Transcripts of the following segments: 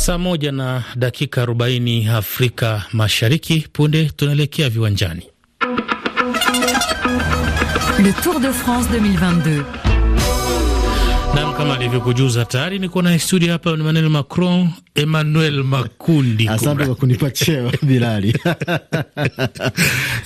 Saa moja na dakika 40 Afrika Mashariki. Punde tunaelekea viwanjani. Le Tour de France 2022 Nam, kama alivyokujuza tayari niko na studio hapa ni Emmanuel Macron, Emmanuel Makundi. Asante kwa kunipa cheo Bilali.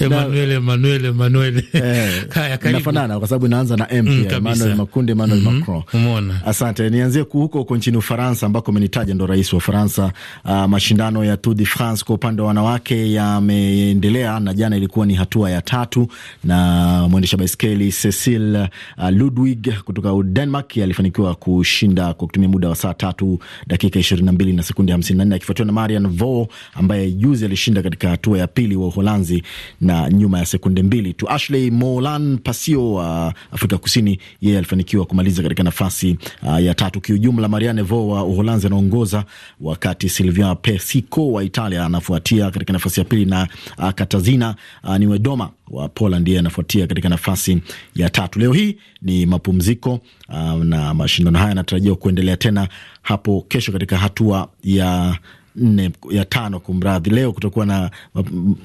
Emmanuel, Emmanuel, Emmanuel. Eh, Haya, karibu. Nafanana kwa sababu inaanza na M mm, pia. Emmanuel Makundi, Emmanuel mhm, Macron. Umeona? Asante. Nianzie huko huko nchini Ufaransa ambako amenitaja ndo rais wa Ufaransa. Uh, mashindano ya Tour de France kwa upande wa wanawake yameendelea na jana ilikuwa ni hatua ya tatu na mwendesha baiskeli Cecile uh, ah, Ludwig kutoka Denmark alifanikiwa kushinda kwa kutumia muda wa saa tatu dakika ishirini na sekunde nne akifuatiwa na Marian Vo ambaye juzi alishinda katika hatua ya pili wa Uholanzi na nyuma ya sekunde mbili tu. Ashley Molan Pasio wa Afrika Kusini, yeye alifanikiwa kumaliza katika nafasi uh, ya tatu. Kiujumla, Marian Vo wa Uholanzi anaongoza wakati Silvia Pesico wa Italia anafuatia katika nafasi ya pili na uh, Katazina uh, Niwedoma wa Poland ndiye anafuatia katika nafasi ya tatu. Leo hii ni mapumziko uh, na mashindano haya yanatarajiwa kuendelea tena hapo kesho katika hatua ya nne ya tano. Kumradhi, leo kutakuwa na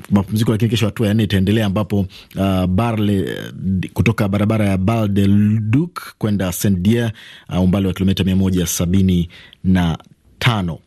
mapumziko, lakini kesho hatua ya nne itaendelea ambapo uh, Barle uh, kutoka barabara ya Bal de Duc kwenda Saint Dier, uh, umbali wa kilomita mia moja sabini na tano.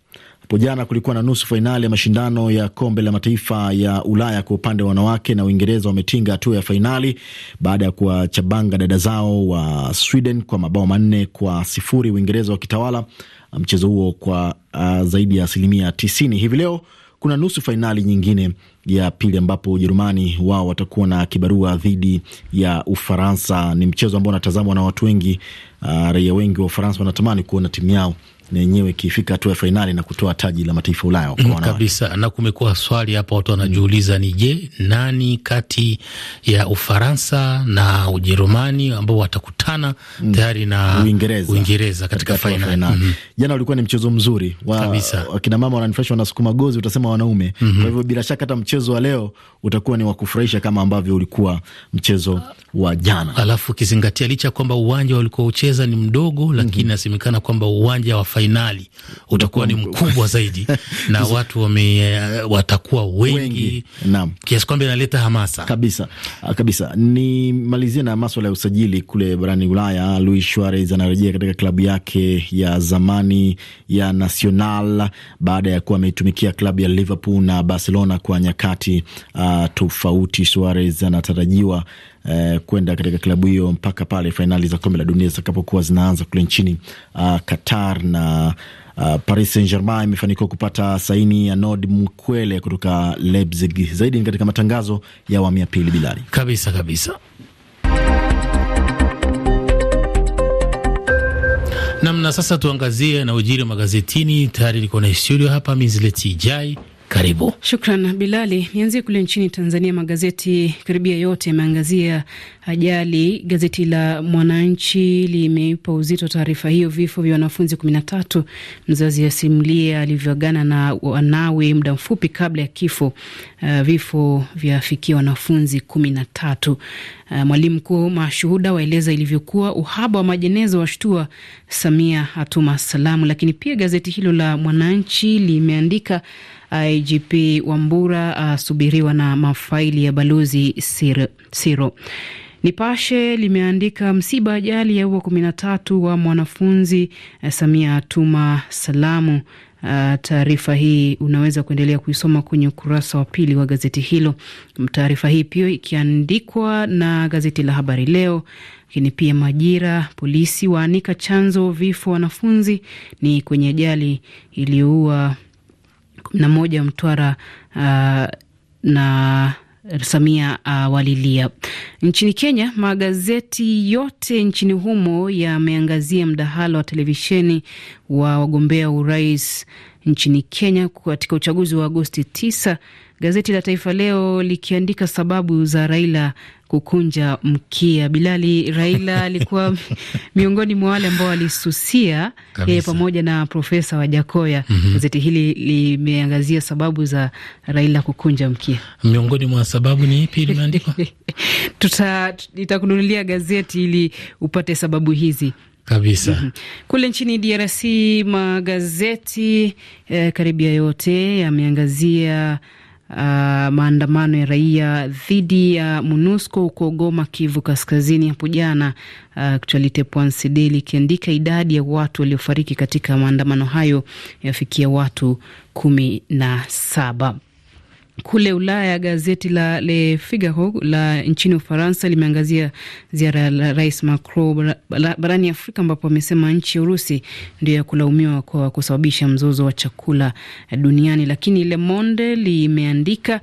Hapo jana kulikuwa na nusu fainali ya mashindano ya kombe la mataifa ya Ulaya kwa upande wa wanawake, na Uingereza wametinga hatua ya fainali baada ya kuwachabanga dada zao wa Sweden kwa mabao manne kwa sifuri, Uingereza wakitawala mchezo huo kwa uh, zaidi ya asilimia tisini. Hivi leo kuna nusu fainali nyingine ya pili ambapo Ujerumani wao watakuwa na kibarua dhidi ya Ufaransa. Ni mchezo ambao unatazamwa na watu wengi. Uh, raia wengi wa Ufaransa wanatamani kuona timu yao na yenyewe ikifika hatua ya fainali na kutoa taji la mataifa Ulaya mm, kabisa. Na kumekuwa swali hapa, watu wanajiuliza ni je, nani kati ya Ufaransa na Ujerumani ambao watakutana mm. tayari na Uingereza, Uingereza katika fainali mm -hmm. Jana ulikuwa ni mchezo mzuri wa kabisa. mama wananifurahisha wanasukuma gozi, utasema wanaume mm -hmm. Kwa mm-hmm. hivyo bila shaka hata mchezo wa leo utakuwa ni wa kufurahisha kama ambavyo ulikuwa mchezo wa jana, alafu ukizingatia licha kwamba uwanja walikuwa ucheza ni mdogo, lakini mm -hmm. nasemekana kwamba uwanja wa fainali utakuwa ni mkubwa zaidi na watu wame, eh, watakuwa wengi, wengi. Kiasi kwamba inaleta hamasa kabisa ah, kabisa. malizia na maswala ya usajili kule barani Ulaya. Luis Suarez anarejea katika klabu yake ya zamani ya Nacional baada ya kuwa ameitumikia klabu ya Liverpool na Barcelona kwa nyakati uh, tofauti. Suarez anatarajiwa eh, kwenda katika klabu hiyo mpaka pale fainali za kombe la dunia zitakapokuwa zinaanza kule nchini uh, Qatar na Uh, Paris Saint-Germain imefanikiwa kupata saini ya nod Mkwele kutoka Leipzig. Zaidi ni katika matangazo ya awamu ya pili Bilali. Kabisa kabisa. Namna sasa tuangazie na ujiri wa magazetini tayari liko na studio hapa Mizleti Ijai karibu. Shukran Bilali. Nianzie kule nchini Tanzania, magazeti karibia yote yameangazia ajali. Gazeti la Mwananchi limeipa uzito taarifa hiyo, vifo vya wanafunzi kumi na tatu, mzazi asimulia alivyoagana na wanawe muda mfupi kabla ya kifo. Uh, vifo vyafikia wanafunzi kumi na tatu. Eh, mwalimu mkuu mashuhuda waeleza ilivyokuwa. Uhaba wa majenezo washtua Samia hatuma salamu. Lakini pia gazeti hilo la Mwananchi limeandika eh, IGP Wambura asubiriwa eh, na mafaili ya balozi Siro. Nipashe limeandika msiba ajali ya ua kumi na tatu wa mwanafunzi, Samia atuma salamu. Ah, taarifa hii unaweza kuendelea kuisoma kwenye ukurasa wa pili wa gazeti hilo. Mm, taarifa hii pia ikiandikwa na gazeti la Habari Leo, lakini pia Majira. Polisi waanika chanzo vifo wanafunzi ni kwenye ajali iliyoua kumi na moja Mtwara uh, na Samia awalilia. Uh, nchini Kenya, magazeti yote nchini humo yameangazia mdahalo wa televisheni wa wagombea urais nchini Kenya katika uchaguzi wa Agosti 9 Gazeti la Taifa Leo likiandika sababu za Raila kukunja mkia. Bilali, Raila alikuwa miongoni mwa wale ambao walisusia yeye eh, pamoja na Profesa Wajakoya. mm -hmm. Gazeti hili limeangazia sababu za Raila kukunja mkia. Miongoni mwa sababu ni ipi limeandikwa? Tuta gazeti ili upate sababu hizi kabisa. mm -hmm. Kule nchini DRC magazeti eh, karibia yote yameangazia uh, maandamano ya raia dhidi ya MONUSCO huko Goma, Kivu Kaskazini hapo jana. Ah, Actualite Poinsedeli ikiandika idadi ya watu waliofariki katika maandamano hayo yafikia watu kumi na saba. Kule Ulaya, gazeti la Le Figaro la nchini Ufaransa limeangazia ziara ya Rais Macron barani Afrika, ambapo amesema nchi ya Urusi ndio ya kulaumiwa kwa kusababisha mzozo wa chakula duniani. Lakini Le Monde limeandika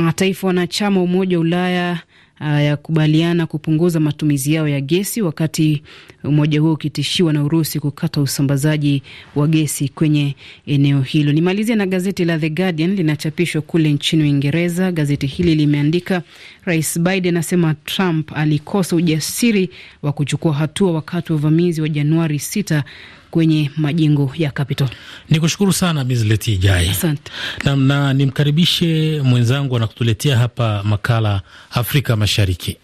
Mataifa wanachama wa Umoja wa Ulaya uh, yakubaliana kupunguza matumizi yao ya gesi, wakati umoja huo ukitishiwa na Urusi kukata usambazaji wa gesi kwenye eneo hilo. Nimalizia na gazeti la The Guardian linachapishwa kule nchini Uingereza. Gazeti hili limeandika, Rais Biden asema Trump alikosa ujasiri wa kuchukua hatua wakati wa uvamizi wa Januari 6 kwenye majengo ya Capitol. Ni kushukuru sana Mizleti Jai. Asante na, na nimkaribishe mwenzangu anakutuletea hapa makala Afrika Mashariki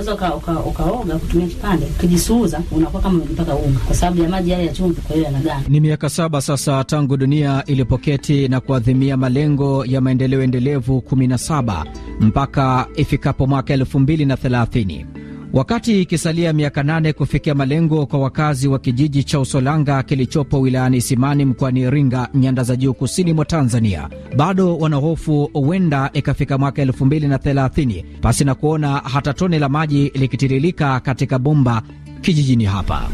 unaweza uka, uka, ukaoga kutumia kipande, ukijisuuza unakuwa kama umejipaka unga, kwa sababu ya maji yale ya chumvi, kwa hiyo yanagana Ni miaka saba sasa tangu dunia ilipoketi na kuadhimia malengo ya maendeleo endelevu 17 mpaka ifikapo mwaka 2030. Wakati ikisalia miaka nane kufikia malengo kwa wakazi wa kijiji cha Usolanga kilichopo wilayani Isimani mkoani Iringa, nyanda za juu kusini mwa Tanzania, bado wanahofu huenda ikafika mwaka 230 pasi na kuona hata tone la maji likitiririka katika bomba kijijini hapa.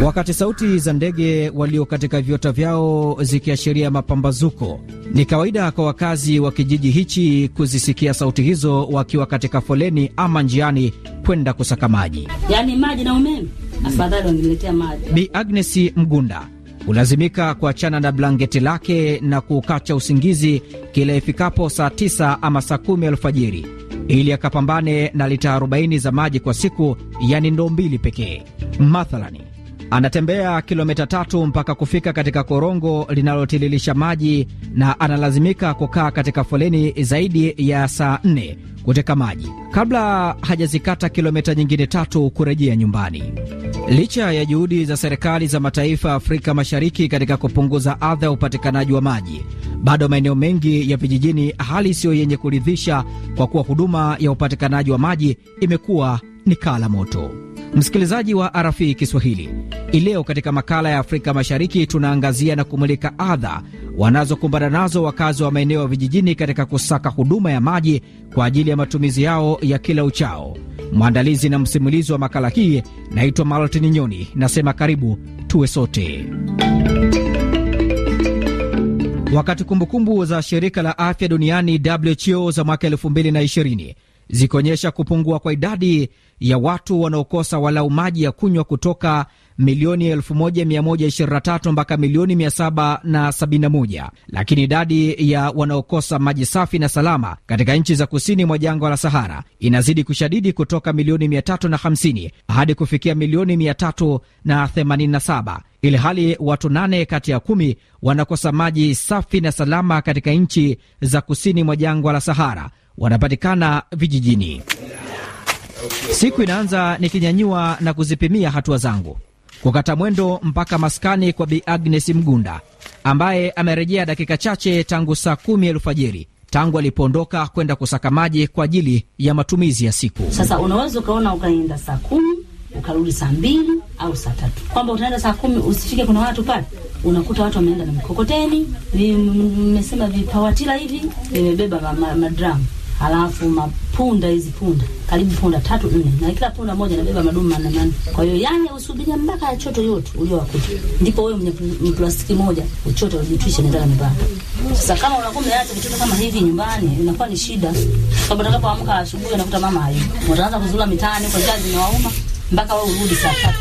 Wakati sauti za ndege walio katika viota vyao zikiashiria mapambazuko, ni kawaida kwa wakazi wa kijiji hichi kuzisikia sauti hizo wakiwa katika foleni ama njiani kwenda kusaka maji, Yani maji na umeme. Afadhali wangeletea maji. Bi Agnes Mgunda hulazimika kuachana na blanketi lake na kuukacha usingizi kila ifikapo saa tisa ama saa kumi alfajiri ili akapambane na lita 40 za maji kwa siku, yani ndoo mbili pekee mathalani Anatembea kilomita tatu mpaka kufika katika korongo linalotililisha maji na analazimika kukaa katika foleni zaidi ya saa nne kuteka maji kabla hajazikata kilomita nyingine tatu kurejea nyumbani. Licha ya juhudi za serikali za mataifa ya Afrika Mashariki katika kupunguza adha ya upatikanaji wa maji, bado maeneo mengi ya vijijini hali siyo yenye kuridhisha, kwa kuwa huduma ya upatikanaji wa maji imekuwa ni kaa la moto. Msikilizaji wa RFI Kiswahili, ileo katika makala ya Afrika Mashariki tunaangazia na kumulika adha wanazokumbana nazo wakazi wa maeneo ya vijijini katika kusaka huduma ya maji kwa ajili ya matumizi yao ya kila uchao. Mwandalizi na msimulizi wa makala hii naitwa Martin Nyoni, nasema karibu tuwe sote. Wakati kumbukumbu za shirika la afya duniani WHO za mwaka 2020 zikionyesha kupungua kwa idadi ya watu wanaokosa walau maji ya kunywa kutoka milioni 1123 mpaka milioni 771, lakini idadi ya wanaokosa maji safi na salama katika nchi za kusini mwa jangwa la Sahara inazidi kushadidi kutoka milioni 350 hadi kufikia milioni 387, ili hali watu nane kati ya kumi wanakosa maji safi na salama katika nchi za kusini mwa jangwa la Sahara wanapatikana vijijini. Siku inaanza nikinyanyua na kuzipimia hatua zangu kukata mwendo mpaka maskani kwa Bi Agnes Mgunda ambaye amerejea dakika chache tangu saa kumi alfajiri tangu alipoondoka kwenda kusaka maji kwa ajili ya matumizi ya siku. Sasa unaweza ukaona ukaenda saa kumi ukarudi saa mbili au saa tatu, kwamba utaenda saa kumi usifike, kuna watu pale unakuta watu wameenda na mkokoteni, mmesema vipawatila hivi vimebeba madramu ma, ma alafu mapunda hizi punda karibu punda tatu nne, na kila punda moja inabeba madumu manne manne. Kwa hiyo yani, usubiria mpaka ya choto yote uliowakuta, ndipo wewe mwenye plastiki moja uchoto ujitwishe ndani ya mipaka. Sasa kama unakuwa umeacha vitu kama hivi nyumbani, inakuwa ni shida, sababu utakapoamka asubuhi unakuta mama hayo, utaanza kuzula mitaani kwa kazi zimewauma, mpaka wewe urudi saa tatu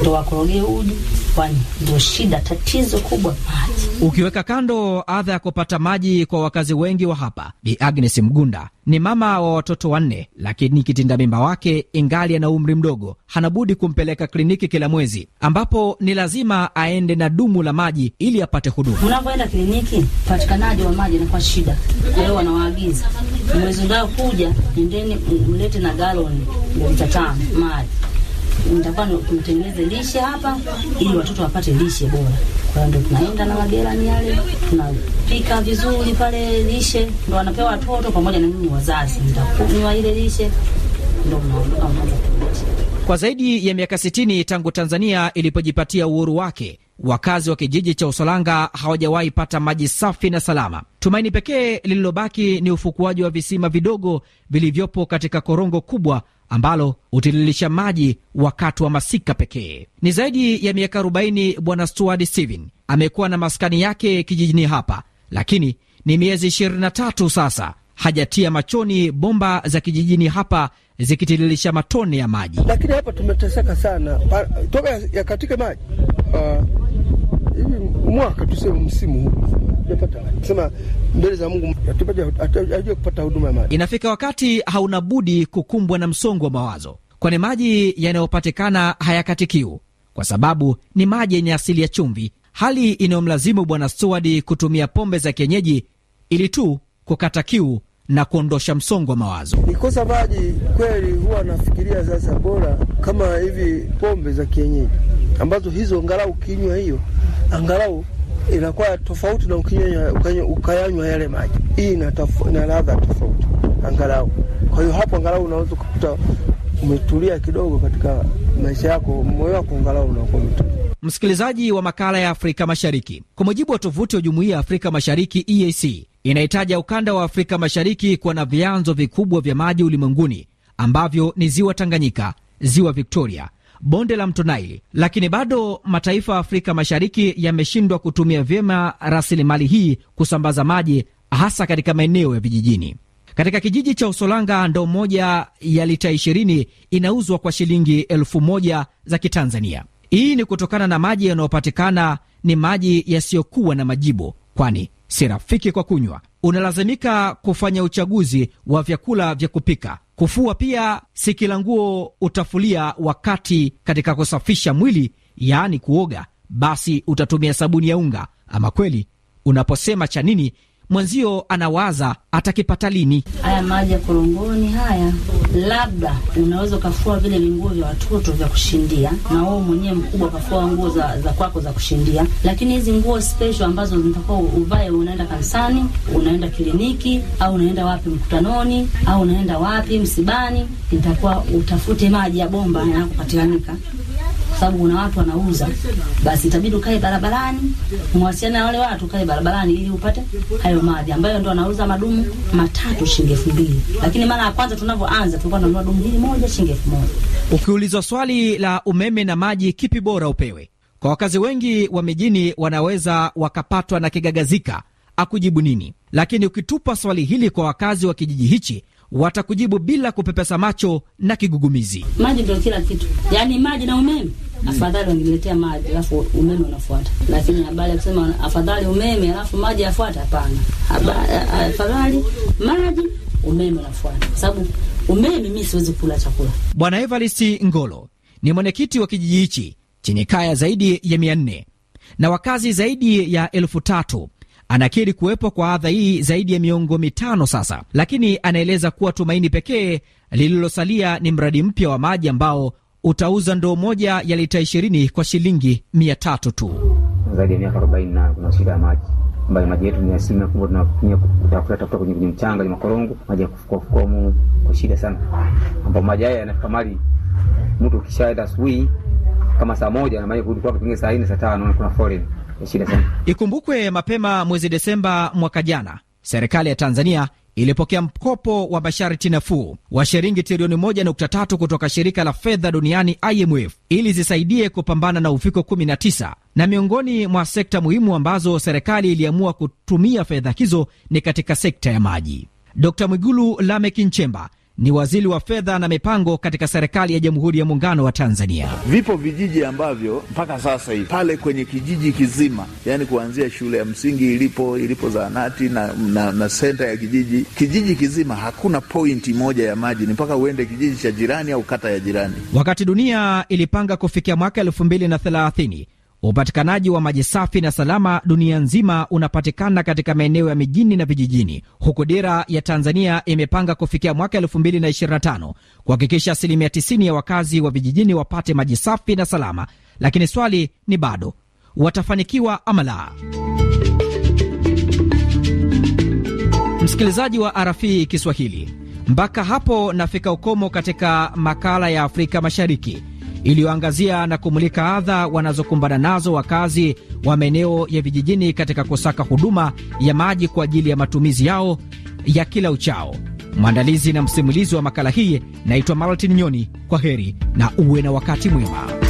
ndo wakorogee uji, kwani ndio shida, tatizo kubwa maji Ukiweka kando adha ya kupata maji kwa wakazi wengi wa hapa, Bi Agnes Mgunda ni mama wa watoto wanne, lakini kitinda mimba wake ingali ana umri mdogo, hanabudi kumpeleka kliniki kila mwezi, ambapo ni lazima aende na dumu la maji ili apate huduma. Unapoenda kliniki, upatikanaji wa maji inakuwa shida. Kwa hiyo wanawaagiza mwezi ujao kuja, endeni mlete na galoni lita tano maji, nitakuwa mtengeneze lishe hapa ili watoto wapate lishe bora. Kwa ndio tunaenda na magerani yale, tunapika vizuri pale, lishe ndo wanapewa watoto pamoja na mimi wazazi, nitakunywa ile lishe ndo mnaondoka unaanza kwa zaidi ya miaka 60 tangu Tanzania ilipojipatia uhuru wake, wakazi wa kijiji cha Usolanga hawajawahi pata maji safi na salama. Tumaini pekee lililobaki ni ufukuaji wa visima vidogo vilivyopo katika korongo kubwa ambalo hutiririsha maji wakati wa masika pekee. Ni zaidi ya miaka 40 Bwana Stuart Steven amekuwa na maskani yake kijijini hapa, lakini ni miezi 23 sasa hajatia machoni bomba za kijijini hapa zikitililisha matone ya maji. Lakini hapa tumeteseka sana toka yakatike maji uh, hivi mwaka tuseme msimu huu sema mbele za Mungu ajue kupata huduma ya maji. Inafika wakati hauna budi kukumbwa na msongo wa mawazo, kwani maji yanayopatikana hayakati kiu, kwa sababu ni maji yenye asili ya chumvi, hali inayomlazimu Bwana Steward kutumia pombe za kienyeji ili tu kukata kiu na kuondosha msongo wa mawazo. Nikosa maji kweli, huwa nafikiria sasa, bora kama hivi pombe za kienyeji ambazo hizo angalau ukinywa hiyo angalau inakuwa tofauti na ukinywa ukayanywa yale maji. Hii ina ladha tofauti angalau. Kwa hiyo hapo angalau unaweza kukuta umetulia kidogo katika maisha yako, moyo wako angalau unakuwa umetulia. Msikilizaji wa makala ya Afrika Mashariki, kwa mujibu wa tovuti ya Jumuiya ya Afrika Mashariki EAC inahitaja ukanda wa Afrika Mashariki kuwa na vyanzo vikubwa vya maji ulimwenguni ambavyo ni ziwa Tanganyika, ziwa Victoria, bonde la mto Nile, lakini bado mataifa ya Afrika Mashariki yameshindwa kutumia vyema rasilimali hii kusambaza maji, hasa katika maeneo ya vijijini. Katika kijiji cha Usolanga, ndoo moja ya lita ishirini inauzwa kwa shilingi elfu moja za Kitanzania. Hii ni kutokana na maji yanayopatikana ni maji yasiyokuwa na majibu, kwani si rafiki kwa kunywa. Unalazimika kufanya uchaguzi wa vyakula vya kupika Kufua pia si kila nguo utafulia wakati. Katika kusafisha mwili, yaani kuoga, basi utatumia sabuni ya unga. Ama kweli unaposema cha nini mwenzio anawaza atakipata lini. Haya maji ya korongoni haya, labda unaweza ukafua vile vinguo vya watoto vya kushindia, na wewe mwenyewe mkubwa ukafua nguo za, za kwako za kushindia, lakini hizi nguo special ambazo zinatakiwa uvae, unaenda kanisani, unaenda kliniki, au unaenda wapi mkutanoni, au unaenda wapi msibani, itakuwa utafute maji ya bomba yanayopatikanika sababu kuna watu wanauza, basi itabidi ukae barabarani, mwasiana na wale watu, ukae barabarani ili upate hayo maji ambayo ndio wanauza madumu matatu shilingi elfu mbili. Lakini mara ya kwanza tunavyoanza tulikuwa tunanunua dumu hili moja shilingi elfu moja. Ukiulizwa swali la umeme na maji, kipi bora upewe, kwa wakazi wengi wa mijini wanaweza wakapatwa na kigagazika akujibu nini, lakini ukitupa swali hili kwa wakazi wa kijiji hichi watakujibu bila kupepesa macho na kigugumizi. Maji ndio kila kitu, yaani maji na umeme afadhali ungiletea maji alafu umeme unafuata. Lakini habari ya kusema afadhali umeme alafu maji yafuata, hapana. Afadhali maji, umeme unafuata, kwa sababu umeme mimi siwezi kula chakula. Bwana Evaristi Ngolo ni mwenyekiti wa kijiji hichi chenye kaya zaidi ya mia nne na wakazi zaidi ya elfu tatu anakiri kuwepo kwa adha hii zaidi ya miongo mitano sasa, lakini anaeleza kuwa tumaini pekee lililosalia ni mradi mpya wa maji ambao utauza ndoo moja ya lita ishirini kwa shilingi mia tatu tu. Zaidi ya miaka arobaini nayo kuna shida ya maji ambayo maji yetu ni asilimia kubwa tunatumia kutafuta tafuta kwenye kwenye mchanga kwenye makorongo maji ya kufukua fukomu kwa shida sana, ambapo maji haya yanafika mali mtu ukishaenda asubuhi kama saa moja na maji kurudi kwake pengine saa nne saa tano kuna foleni shida sana. Ikumbukwe mapema mwezi Desemba mwaka jana serikali ya Tanzania ilipokea mkopo wa masharti nafuu wa shilingi trilioni 1.3 kutoka shirika la fedha duniani IMF ili zisaidie kupambana na uviko 19 na miongoni mwa sekta muhimu ambazo serikali iliamua kutumia fedha hizo ni katika sekta ya maji. d Mwigulu lamekinchemba Nchemba ni waziri wa fedha na mipango katika serikali ya Jamhuri ya Muungano wa Tanzania. Vipo vijiji ambavyo mpaka sasa hivi pale kwenye kijiji kizima, yani kuanzia shule ya msingi ilipo ilipo zahanati na, na, na senta ya kijiji, kijiji kizima hakuna pointi moja ya maji, ni mpaka uende kijiji cha jirani au kata ya jirani. Wakati dunia ilipanga kufikia mwaka elfu mbili na thelathini Upatikanaji wa maji safi na salama dunia nzima unapatikana katika maeneo ya mijini na vijijini, huku dira ya Tanzania imepanga kufikia mwaka 2025 kuhakikisha asilimia 90 ya wakazi wa vijijini wapate maji safi na salama. Lakini swali ni bado watafanikiwa ama la? Msikilizaji wa RFI Kiswahili, mpaka hapo nafika ukomo katika makala ya Afrika Mashariki iliyoangazia na kumulika adha wanazokumbana nazo wakazi wa maeneo ya vijijini katika kusaka huduma ya maji kwa ajili ya matumizi yao ya kila uchao. Mwandalizi na msimulizi wa makala hii naitwa Martin Nyoni. Kwa heri na uwe na wakati mwema.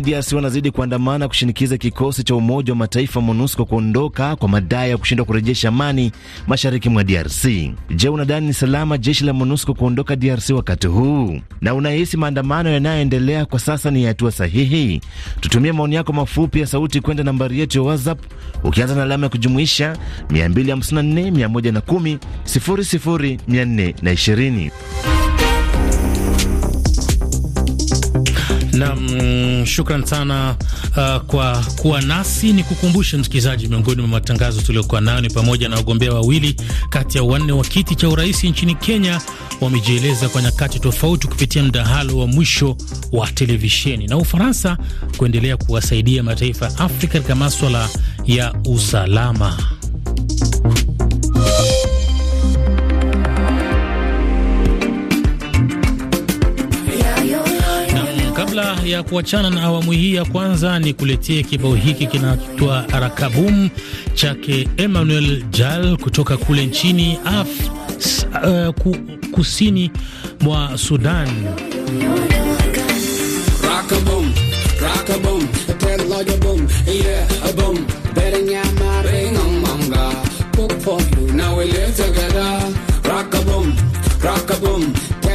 nchini DRC wanazidi kuandamana kushinikiza kikosi cha Umoja wa Mataifa MONUSCO kuondoka kwa madai ya kushindwa kurejesha amani mashariki mwa DRC. Je, unadhani ni salama jeshi la MONUSCO kuondoka DRC wakati huu, na unahisi maandamano yanayoendelea kwa sasa ni hatua sahihi? Tutumie maoni yako mafupi ya sauti kwenda nambari yetu ya WhatsApp ukianza na alama ya kujumuisha 254 110 000 420. Nam, shukran sana uh, kwa kuwa nasi. Ni kukumbushe msikilizaji, miongoni mwa matangazo tuliokuwa nayo ni pamoja na wagombea wawili kati ya wanne wa kiti cha urais nchini Kenya wamejieleza kwa nyakati tofauti kupitia mdahalo wa mwisho wa televisheni, na Ufaransa kuendelea kuwasaidia mataifa ya Afrika katika maswala ya usalama. ya kuachana na awamu hii ya kwanza ni kuletea kibao hiki kinaitwa Arakabum chake Emmanuel Jal kutoka kule nchini Af, uh, ku, kusini mwa Sudan. rakabum,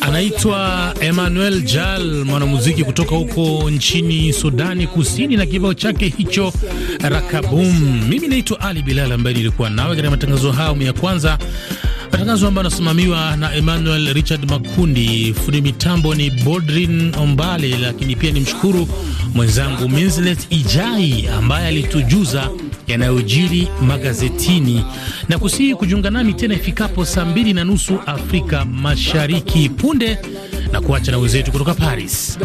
Anaitwa Emmanuel Jal, mwanamuziki kutoka huko nchini Sudani Kusini, na kibao chake hicho Rakabum. Mimi naitwa Ali Bilal, ambaye nilikuwa nawe katika matangazo haya ya kwanza Matangazo ambayo anasimamiwa na Emmanuel Richard Makundi, fundi mitambo ni Boldrin Ombale, lakini pia ni mshukuru mwenzangu Minslet Ijai ambaye alitujuza yanayojiri magazetini na kusihi kujiunga nami tena ifikapo saa mbili na nusu Afrika Mashariki punde na kuacha na wenzetu kutoka Paris.